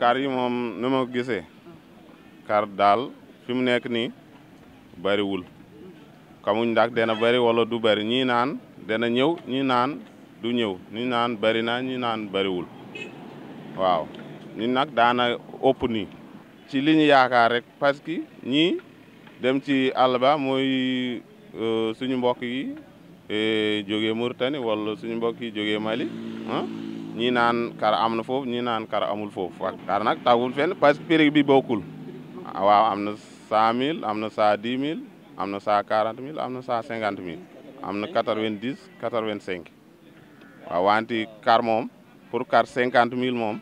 waaw yi moom nu ma ko gisee kaar daal fi mu nekk nii bëriwul xamuñ ndax dana bëri wala du bëri ñii naan dana ñëw ñi naan du ñëw ñii naan bari na ñii naan bëriwul waaw ñun nag daana ëpp nii ci li ñu yaakaar rek parce que ñii dem ci àll ba mooy euh, suñu mbokk yi eh, jógee Mauritanie wala suñu mbokk yi jógee Mali ah ñii naan kar am na foofu ñii naan kar amul foofu kar nag tawul fenn parce que prix bi bokul ah, waaw am na cent mille am na cent dix mille am na cent quarante mille am na cent cinquante mille am na quatre-vingt-dix quatre-vingt-cinq waaw wante kar moom pour kar cinquante mille moom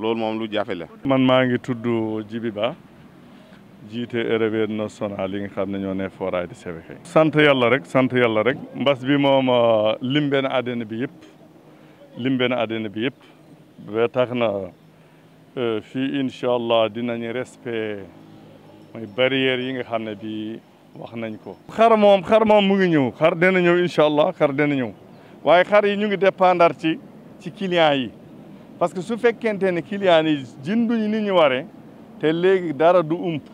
loolu moom lu jafele man maa ngi tudd Djibi Ba jiite éleveur national yi nga xam ne ñoo ne Foirail di Sébikotane sant yàlla rek rek mbas bi moom ah, lim benn àddina bi yëpp. limbe na àddina bi yëpp ba tax na euh, fii incha allah dinañu respect mooy barrière yi nga xam ne bi wax nañ ko xar moom xar moom mu ngi ñëw xar dina ñëw incha allah xar dina ñëw waaye xar yi ñu ngi dépendre ci ci client yi parce que su fekkente ne client yi jënduñu ni ñu waree te léegi dara du ump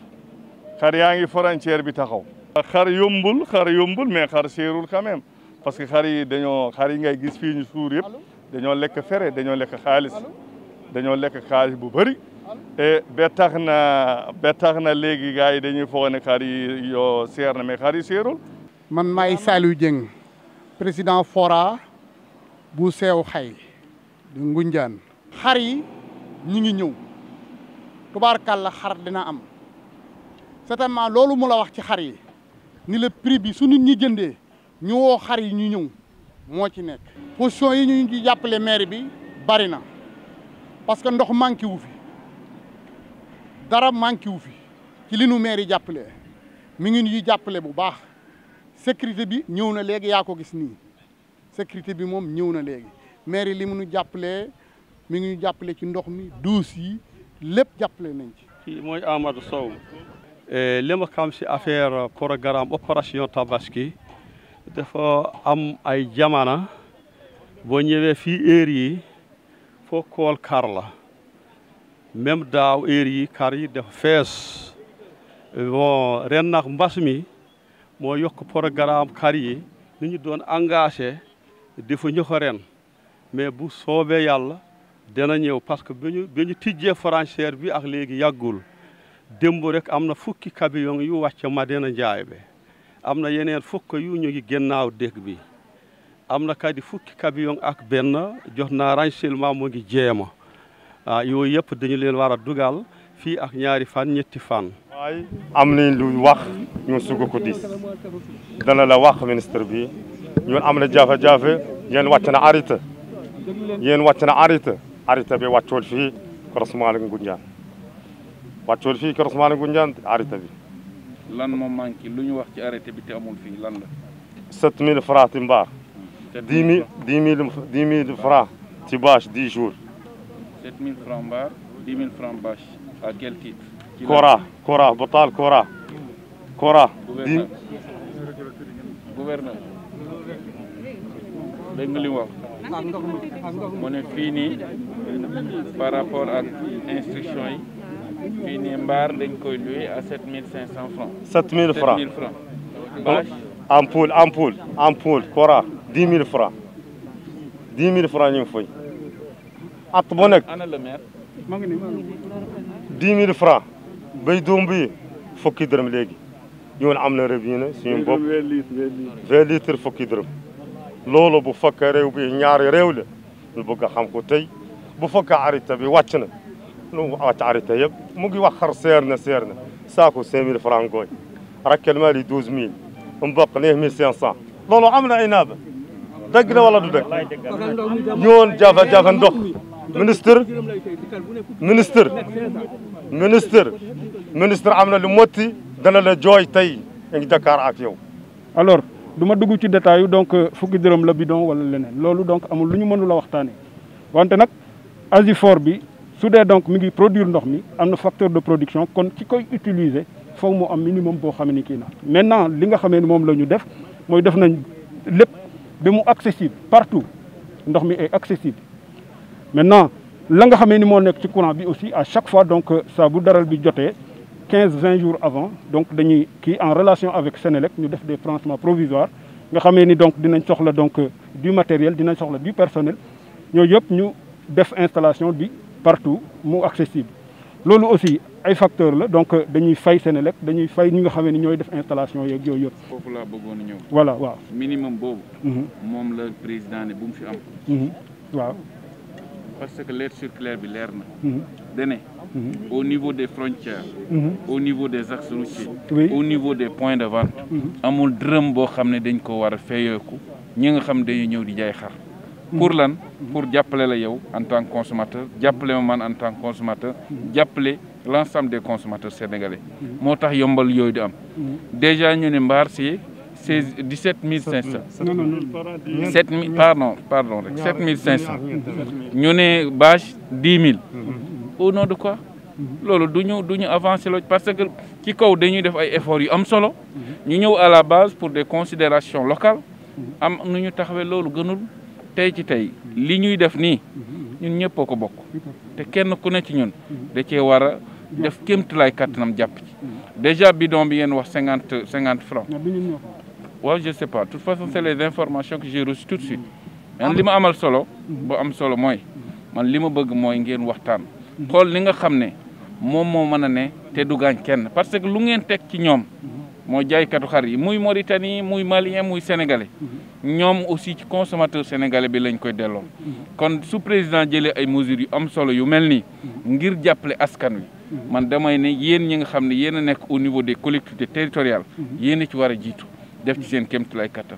xar yaa ngi frontière bi taxaw xar yombul xar yombul mais xar seerul quand même parce que xar yi dañoo xar yi ngay gis fii ñu suur yëpp dañoo lekk fere dañoo lekk xaalis dañoo lekk xaalis bu bëri et ba tax na ba tax na léegi gars yi dañuy foog ne yoo seer na mais xar yi seerul man maay Saliou Dieng président fora bu seew xay di Ngunjaan xar yi ñi ngi ñëw kall xar dina am certainement loolu mu la wax ci xar yi ni la prix bi su nit ñi jëndee ñu woo xar yi ñu ñëw moo ci nekk position yi ñu ngi jàppale maire bi bari na parce que ndox manqué wu fi dara manqué wu fi ci li nu maire yi jàppale mi ngi ñuy jàppale bu baax sécurité bi ñëw na léegi yaa ko gis nii sécurité bi moom ñëw na léegi maire yi li mu nu jàppalee mi ngi ñu jàppale ci ndox mi douche yi lépp jàppale nañ ci. kii mooy Amadou Sow. Eh, li ma xam si affaire programme opération tabaski. dafa am ay jamana boo ñëwee fii heure yi foo kool kar la même daaw heure yi kar yi dafa fees bon ren nag mbas mi moo yokk programme kar yi ni ñu doon engagé defu ñu ko ren mais bu soobee yàlla dana ñëw parce que bi ñu bi ñu bi ak léegi yàggul démb rek am na fukki camion yu wàcc Madina Njaay be am na yeneen fukk yu ñu ngi gennaaw dégg bi am na kadi fukki camion ak benn jot naa renseignement mu ngi jeema ah yooyu yëpp dañu leen war a dugal fii ak ñaari fan ñetti fan. waaye am nañ luy wax ñun sugu ko diis dana la wax ministre bi ñun am na jafe-jafe yéen wàcc na arrêté yéen wàcc na arrêté arrêté bi wàccool fii Kër Ousmane Ngoundiane wàccool fii Kër Ousmane Ngoundiane arrêté bi. lan 000 manqué wax ci arrêté bi 7000 francs timbar. 10 000 10 000 francs ci Bash 10 jours. 7000 francs bar, 10 000 francs bâche à quel titre. Kora Kora Botal Kora. Kora. gouverneur gouverneur. On est fini par rapport à l'instruction fii nii mbaar dañ koy loué à 7500 francs. 7000 francs 7000 francs. bâche ampoule ampoule ampoule kora 10 000 francs 10 000 francs nous ngi fay at bu le maire. 10 000 francs bay doom bi fukki dërëm léegi ñun am na robinet suñu bopp 20 litres fukki dërëm loolu bu fekkee réew bi ñaari réew la ñu bëgg a xam ko tey bu fekkee arrêté bi wàcc نو اتعرتيب آه، مجي وخر سيرنا سيرنا ساكو سيميل الفرانكوي رك المالي دوز ميل مبقى ليه ميل سيانسا لولو عمنا عنابة دقنا ولا دقنا يون جافا جافا ندخ منستر منستر منستر منستر عمنا لموتي دنا لجوي تاي انك دكار عاكيو alors duma dugg ci détail yu donc fukki dërëm la bidon wala leneen loolu donc amul lu ñu mënula waxtaane wante nag asifor bi su donc mi ngi produire ndox mi amna facteur de production kon ki koy utiliser foog mo am minimum bo xam ki na maintenant li nga xamee mom lañu def moy def nañ lepp ba mu accessible partout ndox mi est accessible maintenant la nga xamee ni moo ci courant bi aussi à chaque fois donc ça euh, bu daral bi joté 15-20 jours avant donc dañuy ki en relation avec Sénélec ñu def des branchements provisoires nga xamee ni donc dinañ soxla donc euh, du matériel dinañ soxla du personnel ñooñu yëpp ñu def installation bi partout mou accessible Lolo aussi ay facteur la donc euh, dañuy fay c'est dañuy fay ñi nga xam ne ñooy def installation yeeg yooyu yo. Voilà, voilà Minimum minimum boobu. Mhm. moom la président ne bu mu fi am. Mhm. parce que l'air circulaire bi leer na. Mhm. dene au niveau des frontières. au niveau des axes routiers. au niveau des points de vente. amul dërëm boo xam ne dañ ko war a fayeeku ñi nga xam dañuy ñëw di jaay pour lan pour appeler les gens en tant que consommateur les man en tant que consommateur appeler l'ensemble des consommateurs sénégalais motax yombal yoy am déjà nous avons mbar ci 17500 non non non 7000 pardon pardon 7500 ñu né 10 10000 au nom de quoi Nous duñu parce que nous avons dañuy def ay effort yu am à la base pour des considérations locales am nuñu taxawé lolu tey ci tey li ñuy def ni ñun ko kenn ne ci ñun da déjà bidon bi francs je sais pas de toute façon c'est les informations que j'ai reçues tout de suite mm-hmm. man solo mm-hmm. solo man bëgg ngeen waxtaan nga ne sais pas du kenn parce que lu ngeen ci mm-hmm. moo jaaykatu xar yi muy Mauritanie muy Malien muy sénégalais mm-hmm. ñoom aussi ci consommateur sénégalais bi lañ koy delloo. Mm-hmm. kon su président jëlee ay mesures yu am solo yu mel nii. Mm-hmm. ngir jàppale askan wi. man damay ne yéen ñi nga xam ne yéen a nekk au niveau des collectivités territoriales. yéen a ci war a jiitu def ci seen kéemtulaay kattan.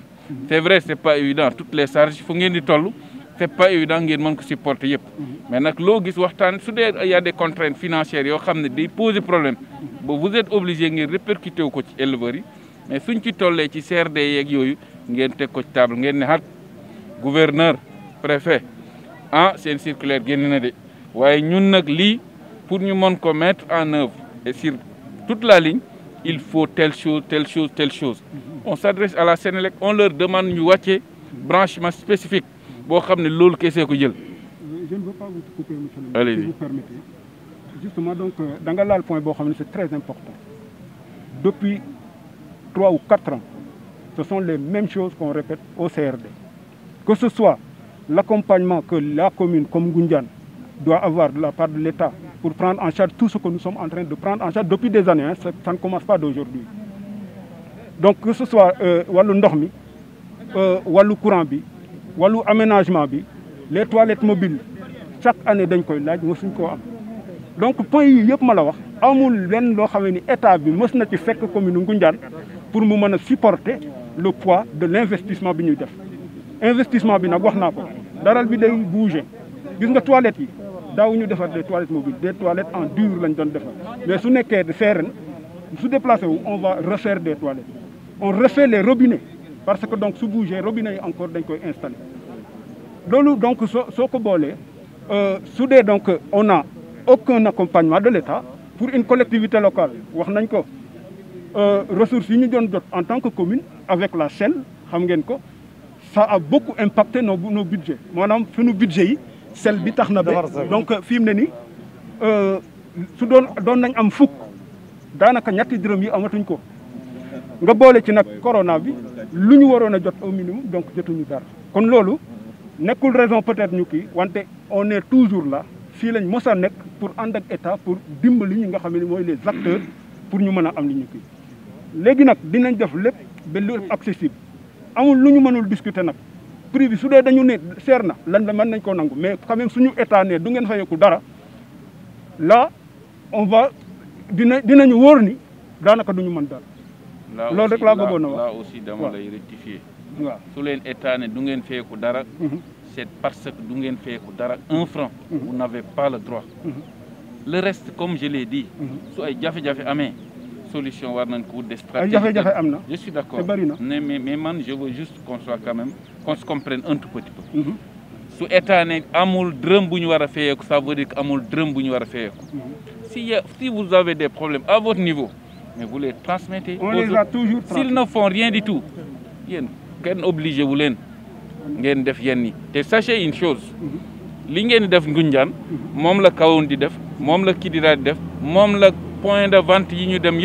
c'est vrai c'est pas évident toutes les charges fu ngeen di toll. n'est pas évident que mën ko supporter yëpp mhm. mais si vous gis waxtan y a des contraintes financières yo xamné des poser problème vous êtes obligé de répercuter wu ko ci mais suñ ci tollé ci CRD vous yoyu ngén teg ko ci table ngén gouverneur préfet ah une circulaire génn na ñun pour ñu mën ko mettre en œuvre et sur toute la ligne il faut telle chose telle chose telle chose mhm. on s'adresse à la Sénélec on leur demande ñu branchement spécifique je ne veux pas vous couper monsieur le Président. si vous permettez. justement donc euh, da point c'est très important depuis trois ou quatre ans ce sont les mêmes choses qu'on répète au CRD que ce soit l'accompagnement que la commune comme Gundian, doit avoir de la part de l'État pour prendre en charge tout ce que nous sommes en train de prendre en charge depuis des années hein, ça, ne commence pas d'aujourd'hui donc que ce soit euh, Walundormi, euh, Waloukourambi wàllu aménagement bi les toilettes mobiles chaque année dañ koy laaj mosuñ ko am donc point yi yëpp ma la wax amul lenn loo xam ni état bi mës na ci fekk commune Ngoundiane pour mu mën a supporter le poids de l' investissement bi ñuy def investissement bi nag wax naa ko daral bi day bouger gis nga toilettes yi daawuñu defar des toilettes mobiles des toilettes en dur lañ doon defar mais su nekkee de seeren su déplacé wu on va refaire des toilettes on refait les robinets parce que donc sous bougé robinet est encore donc installé donc socobolé soo ko euh, donc on n'a aucun accompagnement de l'État pour une collectivité locale wax ko euh, ressources yi ñu avons en tant que commune avec la chaîne ça a beaucoup impacté nos nos budgets maanaam suñu budget yi sel bi tax na donc fi ni ne nii euh, su doon doon nañ am fukk daanaka ñetti dërëm yi amatuñ ko nga corona bi lu ñu waroon a jot au minimum donc jotuñu dara kon loolu nekkul raison peut-être ñu kii wante on est toujours la fii lañ mos a nekk pour ànd ak état pour dimbali ñi nga xam ne mooy les acteurs pour ñu mën a am li ñu kii. léegi nag dinañ def lépp ba lépp accessible amul lu ñu mënul discuter nag prix bi su dee dañu ne seer na lan la mën nañ koo nangu mais quand même suñu état ne du ngeen fayeeku dara la on va dina dinañu wóor ni daanaka duñu mën daal loolu rek laa bëggoon a wax là aussi dama lay rectifier waaw su leen état ne du ngeen feeku dara mhm. c'est parce que du ngeen feeku dara un franc mhm. vous n'avez pas le droit mhm. le reste comme je l'ai dit su ay jafe-jafe amee solution war nañ ko wut des stratégies jafe-jafe am je suis d'accord bari na mais mais man je veux juste qu'on soit quand même qu'on se comprenne un tout petit peu su état ne amul dërëm bu ñu war a feyeeku ça si si vous avez des problèmes à votre niveau mais vous les transmettez. On les a toujours transmis. S'ils ne font rien du tout, ils ne obligé pas obligés de def sachez une chose ce que vous faites, c'est que la le di le la Kidira di def point de vente yi ñu dem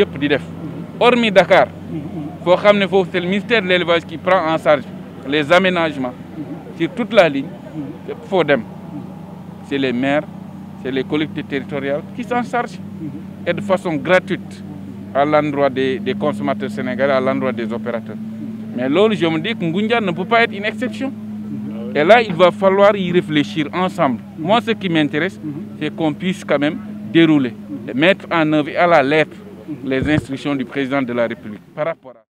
hormis Dakar c'est le ministère de l'élevage qui prend en charge les aménagements sur toute la ligne c'est les maires c'est les collectivités territoriales qui s'en chargent et de façon gratuite à l'endroit des, consommateurs sénégalais, à l'endroit des opérateurs. Mais là, je me dis que ne peut pas être une exception. Ah et là, il va falloir y réfléchir ensemble. Moi, ce qui m'intéresse, mhm. c'est qu'on puisse quand même dérouler, mettre en œuvre à la lettre mhm. les instructions du président de la République par rapport à...